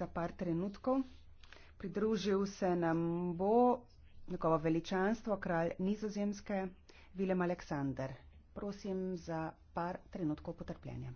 za par trenutkov. Pridružil se nam bo njegovo veličanstvo, kralj Nizozemske, Vilem Aleksandr. Prosim za par trenutkov potrpljenja.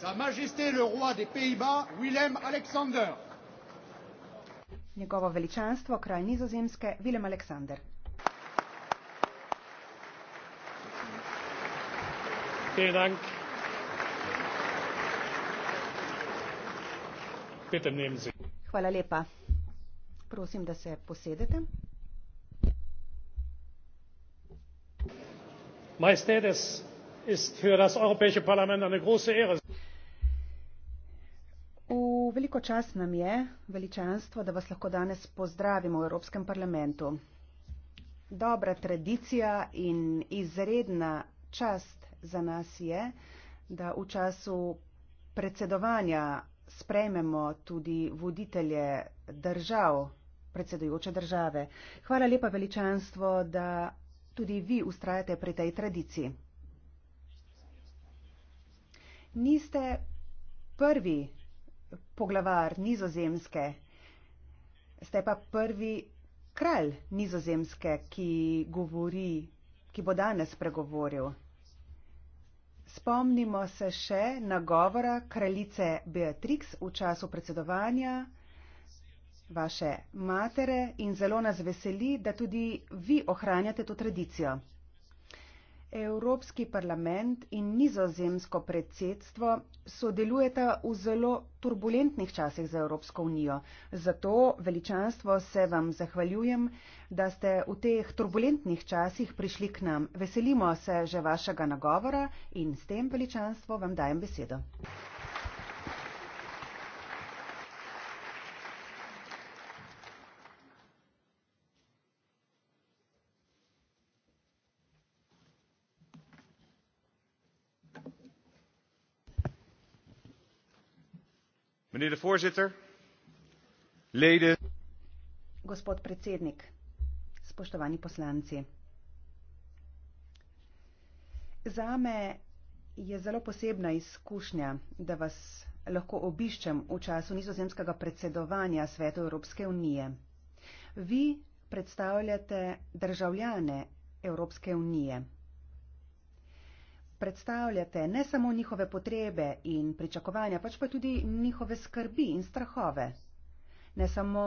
Sa Majesté le Roi des Pays-Bas, Willem Alexander. Njegovo veličanstvo, kraj Nizozemske, Willem Alexander. Vielen Dank. Bitte nehmen Sie. Hvala lepa. Prosim, da se posedete. Majestätes ist für das Europäische Parlament eine große Ehre. Veliko čas nam je, veličanstvo, da vas lahko danes pozdravimo v Evropskem parlamentu. Dobra tradicija in izredna čast za nas je, da v času predsedovanja sprejmemo tudi voditelje držav, predsedujoče države. Hvala lepa veličanstvo, da tudi vi ustrajate pri tej tradiciji. Niste prvi poglavar nizozemske, ste pa prvi kralj nizozemske, ki govori, ki bo danes pregovoril. Spomnimo se še na govora kraljice Beatrix v času predsedovanja vaše matere in zelo nas veseli, da tudi vi ohranjate to tradicijo. Evropski parlament in nizozemsko predsedstvo sodelujeta v zelo turbulentnih časih za Evropsko unijo. Zato veličanstvo se vam zahvaljujem, da ste v teh turbulentnih časih prišli k nam. Veselimo se že vašega nagovora in s tem veličanstvo vam dajem besedo. Meneer de voorzitter, leden. Gospod predsednik, spoštovani poslanci. Zame je zelo posebna izkušnja, da vas lahko obiščem v času nizozemskega predsedovanja Svetu Evropske unije. Vi predstavljate državljane Evropske unije predstavljate ne samo njihove potrebe in pričakovanja, pač pa tudi njihove skrbi in strahove, ne samo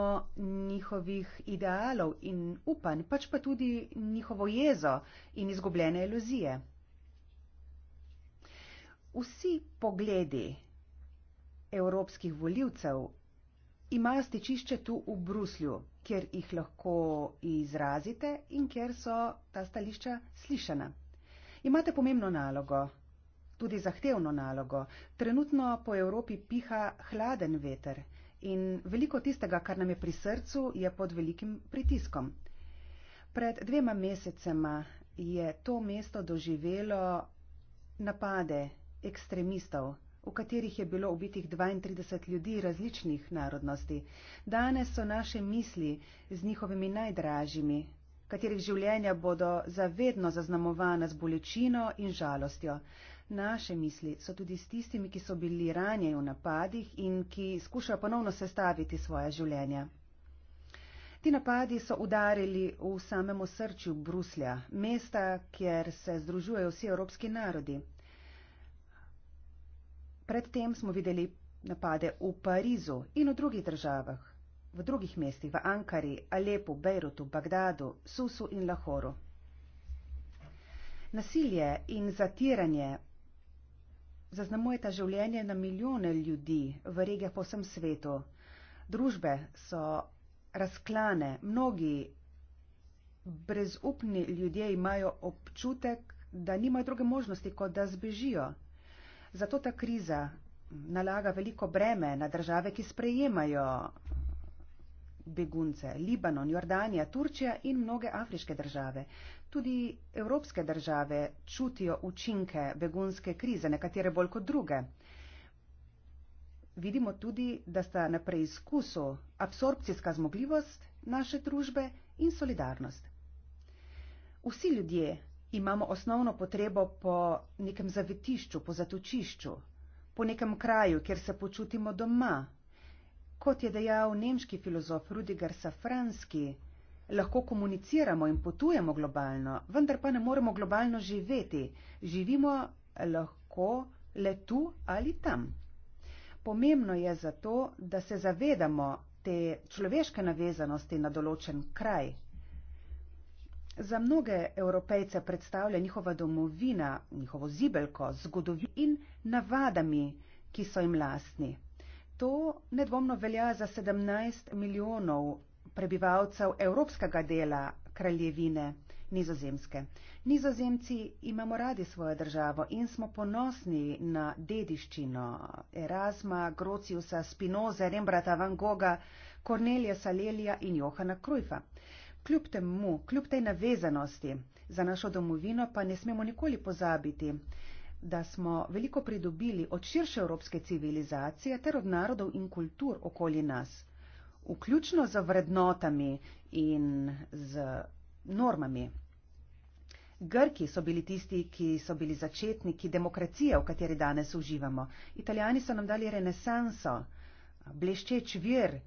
njihovih idealov in upanj, pač pa tudi njihovo jezo in izgubljene iluzije. Vsi pogledi evropskih voljivcev imajo stičišče tu v Bruslju, kjer jih lahko izrazite in kjer so ta stališča slišana. Imate pomembno nalogo, tudi zahtevno nalogo. Trenutno po Evropi piha hladen veter in veliko tistega, kar nam je pri srcu, je pod velikim pritiskom. Pred dvema mesecema je to mesto doživelo napade ekstremistov, v katerih je bilo ubitih 32 ljudi različnih narodnosti. Danes so naše misli z njihovimi najdražjimi, katerih življenja bodo zavedno zaznamovana z bolečino in žalostjo. Naše misli so tudi s tistimi, ki so bili ranjeni v napadih in ki skušajo ponovno sestaviti svoje življenje. Ti napadi so udarili v samem srcu Bruslja, mesta, kjer se združujejo vsi evropski narodi. Predtem smo videli napade v Parizu in v drugih državah v drugih mestih, v Ankari, Alepu, Bejrutu, Bagdadu, Susu in Lahoru. Nasilje in zatiranje zaznamujeta življenje na milijone ljudi v regijah po vsem svetu. Družbe so razklane, mnogi brezupni ljudje imajo občutek, da nimajo druge možnosti, kot da zbežijo. Zato ta kriza nalaga veliko breme na države, ki sprejemajo begunce, Libanon, Jordanija, Turčija in mnoge afriške države. Tudi evropske države čutijo učinke begunske krize, nekatere bolj kot druge. Vidimo tudi, da sta na preizkusu absorpcijska zmogljivost naše družbe in solidarnost. Vsi ljudje imamo osnovno potrebo po nekem zavetišču, po zatočišču, po nekem kraju, kjer se počutimo doma, kot je dejal nemški filozof Rudiger Safranski, lahko komuniciramo in potujemo globalno, vendar pa ne moremo globalno živeti. Živimo lahko le tu ali tam. Pomembno je zato, da se zavedamo te človeške navezanosti na določen kraj. Za mnoge evropejce predstavlja njihova domovina, njihovo zibelko, zgodovino in navadami, ki so jim lastni. To nedvomno velja za 17 milijonov prebivalcev evropskega dela kraljevine Nizozemske. Nizozemci imamo radi svojo državo in smo ponosni na dediščino Erasma, Grociusa, Spinoza, Rembrata, Van Goga, Cornelija Salelija in Johana Krujfa. Kljub temu, kljub tej navezanosti za našo domovino pa ne smemo nikoli pozabiti, da smo veliko pridobili od širše evropske civilizacije ter od narodov in kultur okoli nas, vključno z vrednotami in z normami. Grki so bili tisti, ki so bili začetniki demokracije, v kateri danes uživamo. Italijani so nam dali renesanso, bleščeč vir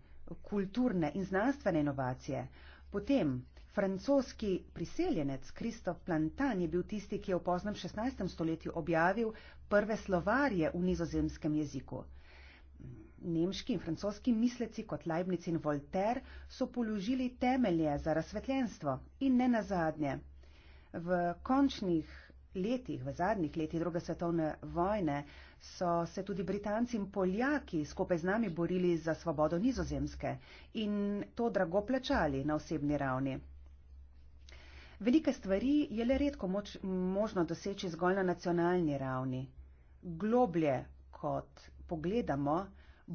kulturne in znanstvene inovacije. Potem Francoski priseljenec Kristof Plantan je bil tisti, ki je v poznem 16. stoletju objavil prve slovarje v nizozemskem jeziku. Nemški in francoski misleci kot Leibniz in Voltaire so položili temelje za razsvetljenstvo in ne nazadnje. V končnih letih, v zadnjih letih druge svetovne vojne so se tudi Britanci in Poljaki skupaj z nami borili za svobodo nizozemske in to drago plačali na osebni ravni. Velike stvari je le redko moč, možno doseči zgolj na nacionalni ravni. Globlje, kot pogledamo,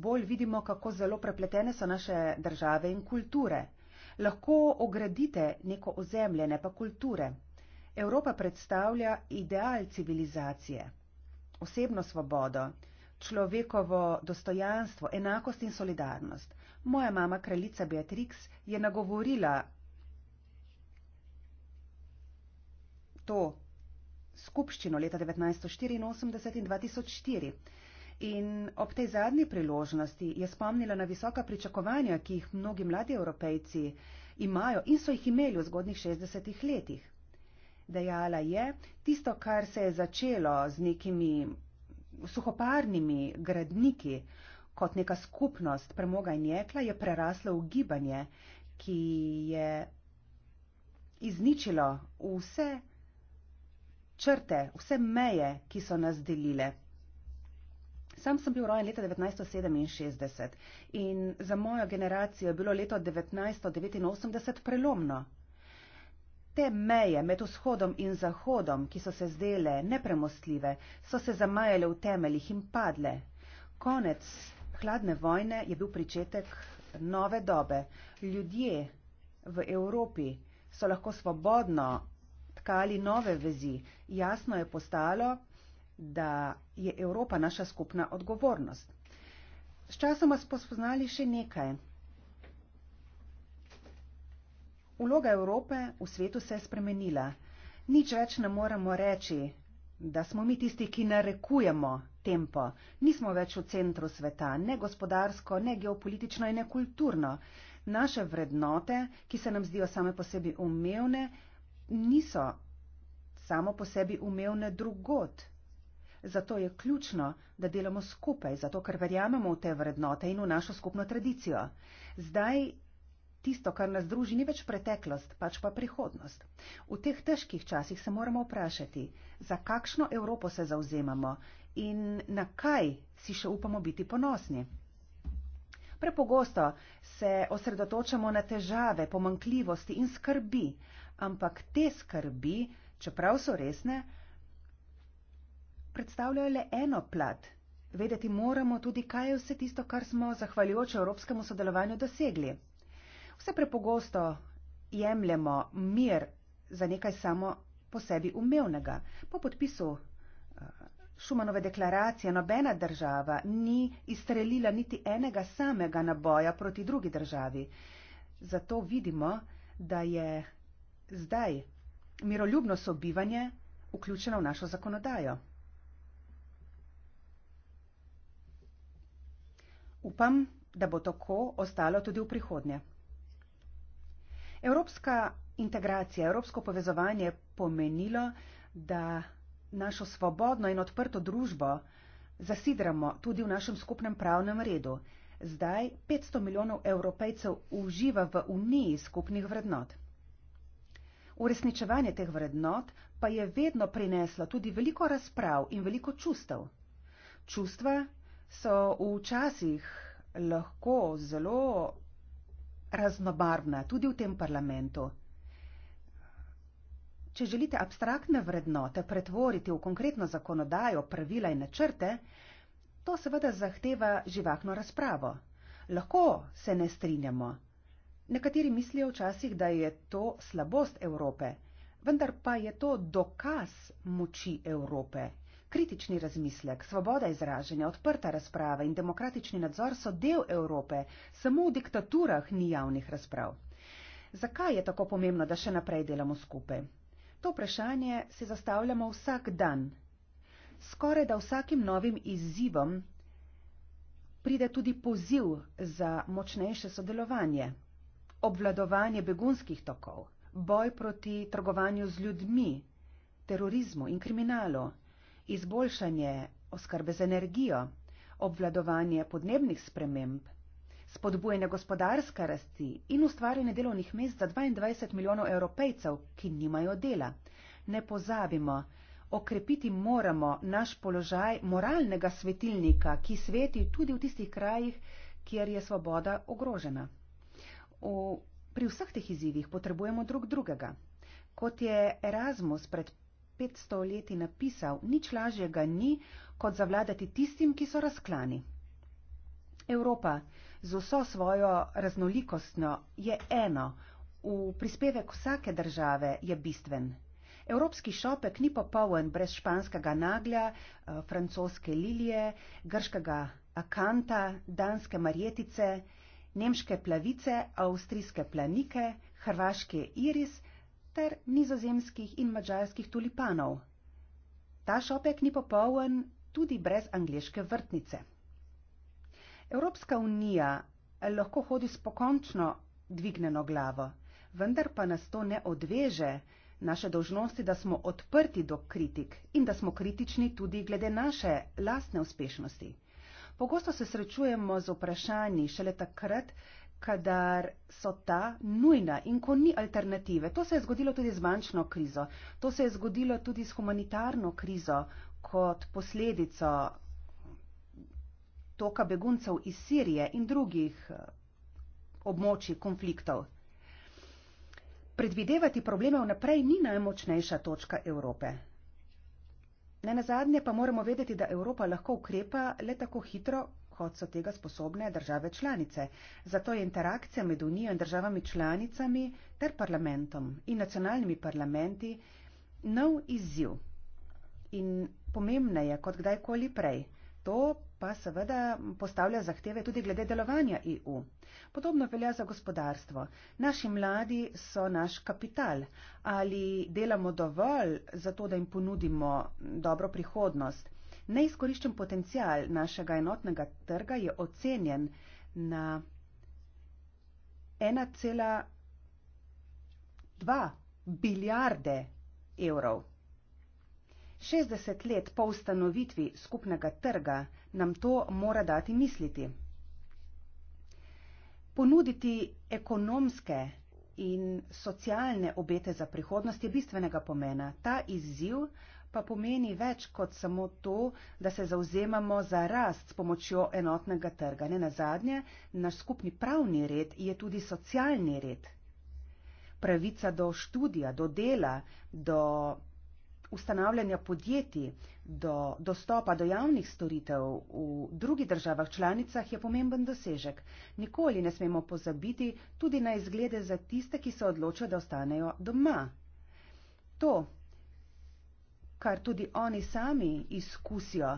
bolj vidimo, kako zelo prepletene so naše države in kulture. Lahko ogradite neko ozemlje, ne pa kulture. Evropa predstavlja ideal civilizacije, osebno svobodo, človekovo dostojanstvo, enakost in solidarnost. Moja mama, kraljica Beatrix, je nagovorila to skupščino leta 1984 in 2004. In ob tej zadnji priložnosti je spomnila na visoka pričakovanja, ki jih mnogi mladi evropejci imajo in so jih imeli v zgodnih 60-ih letih. Dejala je, tisto, kar se je začelo z nekimi suhoparnimi gradniki kot neka skupnost premoga in jekla, je preraslo v gibanje, ki je izničilo vse črte, vse meje, ki so nas delile. Sam sem bil rojen leta 1967 in za mojo generacijo je bilo leto 1989 prelomno. Te meje med vzhodom in zahodom, ki so se zdele nepremostljive, so se zamajale v temeljih in padle. Konec hladne vojne je bil pričetek nove dobe. Ljudje v Evropi so lahko svobodno tkali nove vezi, jasno je postalo, da je Evropa naša skupna odgovornost. Sčasoma smo spoznali še nekaj. Uloga Evrope v svetu se je spremenila. Nič več ne moremo reči, da smo mi tisti, ki narekujemo tempo. Nismo več v centru sveta, ne gospodarsko, ne geopolitično in ne kulturno. Naše vrednote, ki se nam zdijo same po sebi umevne, niso samo po sebi umevne drugot. Zato je ključno, da delamo skupaj, zato ker verjamemo v te vrednote in v našo skupno tradicijo. Zdaj tisto, kar nas druži, ni več preteklost, pač pa prihodnost. V teh težkih časih se moramo vprašati, za kakšno Evropo se zauzemamo in na kaj si še upamo biti ponosni. Prepogosto se osredotočamo na težave, pomankljivosti in skrbi, ampak te skrbi, čeprav so resne, predstavljajo le eno plat. Vedeti moramo tudi, kaj je vse tisto, kar smo zahvaljujoč evropskemu sodelovanju dosegli. Vse prepogosto jemljemo mir za nekaj samo po sebi umevnega. Po podpisu eh, Šumanove deklaracije nobena država ni izstrelila niti enega samega naboja proti drugi državi. Zato vidimo, da je zdaj miroljubno sobivanje vključeno v našo zakonodajo. Upam, da bo tako ostalo tudi v prihodnje. Evropska integracija, evropsko povezovanje je pomenilo, da našo svobodno in odprto družbo zasidramo tudi v našem skupnem pravnem redu. Zdaj 500 milijonov evropejcev uživa v uniji skupnih vrednot. Uresničevanje teh vrednot pa je vedno prineslo tudi veliko razprav in veliko čustev. Čustva so včasih lahko zelo raznobarvna, tudi v tem parlamentu. Če želite abstraktne vrednote pretvoriti v konkretno zakonodajo, pravila in načrte, to seveda zahteva živahno razpravo. Lahko se ne strinjamo. Nekateri mislijo včasih, da je to slabost Evrope, vendar pa je to dokaz moči Evrope. Kritični razmislek, svoboda izražanja, odprta razprava in demokratični nadzor so del Evrope, samo v diktaturah ni javnih razprav. Zakaj je tako pomembno, da še naprej delamo skupaj? To vprašanje se zastavljamo vsak dan. Skoraj da vsakim novim izzivom pride tudi poziv za močnejše sodelovanje obvladovanje begunskih tokov, boj proti trgovanju z ljudmi, terorizmu in kriminalu, izboljšanje oskrbe z energijo, obvladovanje podnebnih sprememb, spodbujanje gospodarske rasti in ustvarjanje delovnih mest za 22 milijonov evropejcev, ki nimajo dela. Ne pozabimo, okrepiti moramo naš položaj moralnega svetilnika, ki sveti tudi v tistih krajih, kjer je svoboda ogrožena. V, pri vseh teh izzivih potrebujemo drug drugega. Kot je Erasmus pred 500 leti napisal, nič lažjega ni, kot zavladati tistim, ki so razklani. Evropa z vso svojo raznolikostno je eno, v prispevek vsake države je bistven. Evropski šopek ni popoln brez španskega naglja, eh, francoske lilije, grškega akanta, danske marjetice nemške plavice, avstrijske planike, hrvaške iris ter nizozemskih in mađarskih tulipanov. Ta šopek ni popoln tudi brez angliške vrtnice. Evropska unija lahko hodi s pokončno dvigneno glavo, vendar pa nas to ne odveže naše dožnosti, da smo odprti do kritik in da smo kritični tudi glede naše lastne uspešnosti. Pogosto se srečujemo z vprašanji šele takrat, kadar so ta nujna in ko ni alternative. To se je zgodilo tudi z bančno krizo, to se je zgodilo tudi s humanitarno krizo kot posledico toka beguncev iz Sirije in drugih eh, območij konfliktov. Predvidevati probleme vnaprej ni najmočnejša točka Evrope. Ne na zadnje pa moramo vedeti, da Evropa lahko ukrepa le tako hitro, kot so tega sposobne države članice. Zato je interakcija med Unijo in državami članicami ter parlamentom in nacionalnimi parlamenti nov izziv in pomembneje kot kdajkoli prej. To pa seveda postavlja zahteve tudi glede delovanja EU. Podobno velja za gospodarstvo. Naši mladi so naš kapital. Ali delamo dovolj za to, da jim ponudimo dobro prihodnost? Neizkoriščen potencial našega enotnega trga je ocenjen na 1,2 bilijarde evrov. 60 let po ustanovitvi skupnega trga nam to mora dati misliti. Ponuditi ekonomske in socialne obete za prihodnost je bistvenega pomena. Ta izziv pa pomeni več kot samo to, da se zauzemamo za rast s pomočjo enotnega trga. Ne na zadnje, naš skupni pravni red je tudi socialni red. Pravica do študija, do dela, do ustanavljanja podjetij do dostopa do javnih storitev v drugih državah članicah je pomemben dosežek. Nikoli ne smemo pozabiti tudi na izglede za tiste, ki se odločijo, da ostanejo doma. To, kar tudi oni sami izkusijo,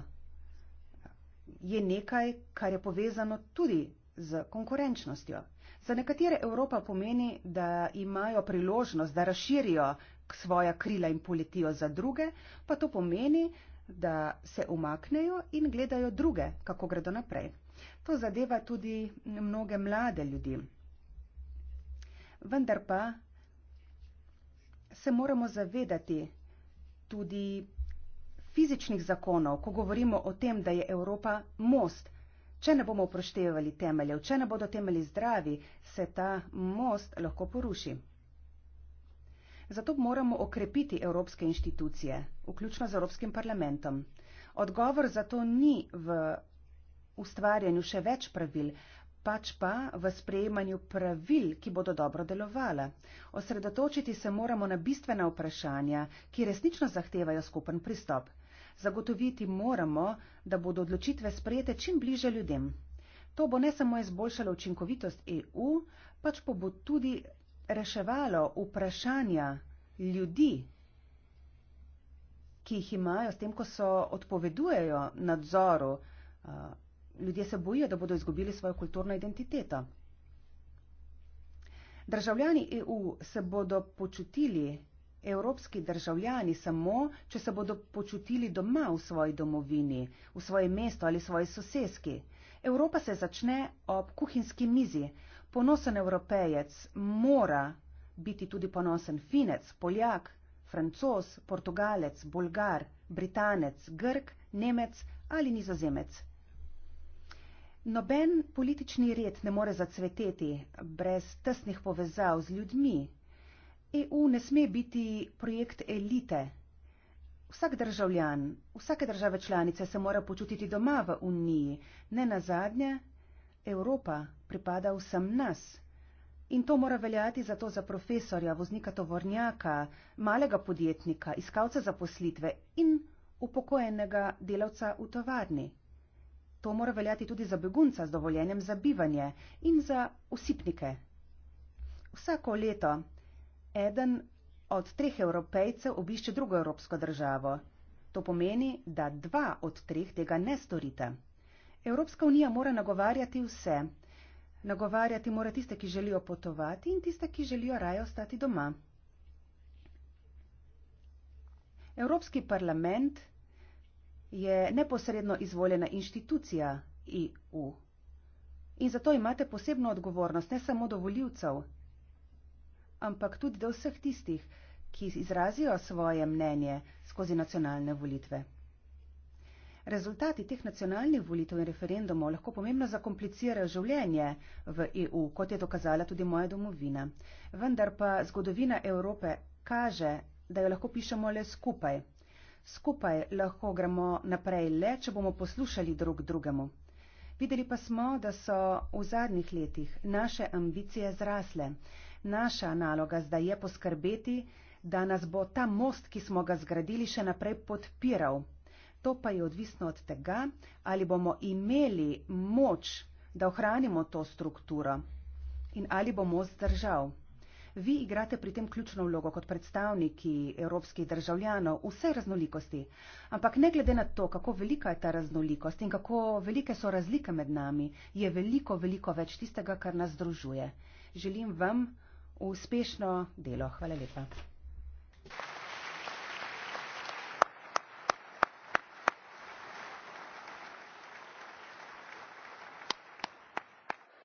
je nekaj, kar je povezano tudi z konkurenčnostjo. Za nekatere Evropa pomeni, da imajo priložnost, da razširijo svoja krila in poletijo za druge, pa to pomeni, da se umaknejo in gledajo druge, kako gredo naprej. To zadeva tudi mnoge mlade ljudi. Vendar pa se moramo zavedati tudi fizičnih zakonov, ko govorimo o tem, da je Evropa most. Če ne bomo upoštevali temeljev, če ne bodo temelji zdravi, se ta most lahko poruši. Zato moramo okrepiti evropske inštitucije, vključno z Evropskim parlamentom. Odgovor za to ni v ustvarjanju še več pravil, pač pa v sprejemanju pravil, ki bodo dobro delovala. Osredotočiti se moramo na bistvena vprašanja, ki resnično zahtevajo skupen pristop. Zagotoviti moramo, da bodo odločitve sprejete čim bliže ljudem. To bo ne samo izboljšalo učinkovitost EU, pač pa bo tudi reševalo vprašanja ljudi, ki jih imajo s tem, ko so odpovedujejo nadzoru. Ljudje se bojijo, da bodo izgubili svojo kulturno identiteto. Državljani EU se bodo počutili evropski državljani samo, če se bodo počutili doma v svoji domovini, v svoji mestu ali svoji soseski. Evropa se začne ob kuhinski mizi, Ponosen evropejec mora biti tudi ponosen finec, poljak, francos, portugalec, bolgar, britanec, grk, nemec ali nizozemec. Noben politični red ne more zacveteti brez tesnih povezav z ljudmi. EU ne sme biti projekt elite. Vsak državljan, vsake države članice se mora počutiti doma v Uniji, ne na zadnje, Evropa pripada vsem nas. In to mora veljati zato za profesorja, voznika tovornjaka, malega podjetnika, iskalca zaposlitve in upokojenega delavca v tovarni. To mora veljati tudi za begunca z dovoljenjem za bivanje in za usipnike. Vsako leto eden od treh evropejcev obišče drugo evropsko državo. To pomeni, da dva od treh tega ne storite. Evropska unija mora nagovarjati vse. Nagovarjati mora tiste, ki želijo potovati in tiste, ki želijo raje ostati doma. Evropski parlament je neposredno izvoljena inštitucija EU. In zato imate posebno odgovornost ne samo do voljivcev, ampak tudi do vseh tistih, ki izrazijo svoje mnenje skozi nacionalne volitve. Rezultati teh nacionalnih volitev in referendumov lahko pomembno zakomplicirajo življenje v EU, kot je dokazala tudi moja domovina. Vendar pa zgodovina Evrope kaže, da jo lahko pišemo le skupaj. Skupaj lahko gremo naprej le, če bomo poslušali drug drugemu. Videli pa smo, da so v zadnjih letih naše ambicije zrasle. Naša naloga zdaj je poskrbeti, da nas bo ta most, ki smo ga zgradili, še naprej podpiral. To pa je odvisno od tega, ali bomo imeli moč, da ohranimo to strukturo in ali bo most zdržal. Vi igrate pri tem ključno vlogo kot predstavniki evropskih državljanov vsej raznolikosti, ampak ne glede na to, kako velika je ta raznolikost in kako velike so razlike med nami, je veliko, veliko več tistega, kar nas združuje. Želim vam uspešno delo. Hvala lepa.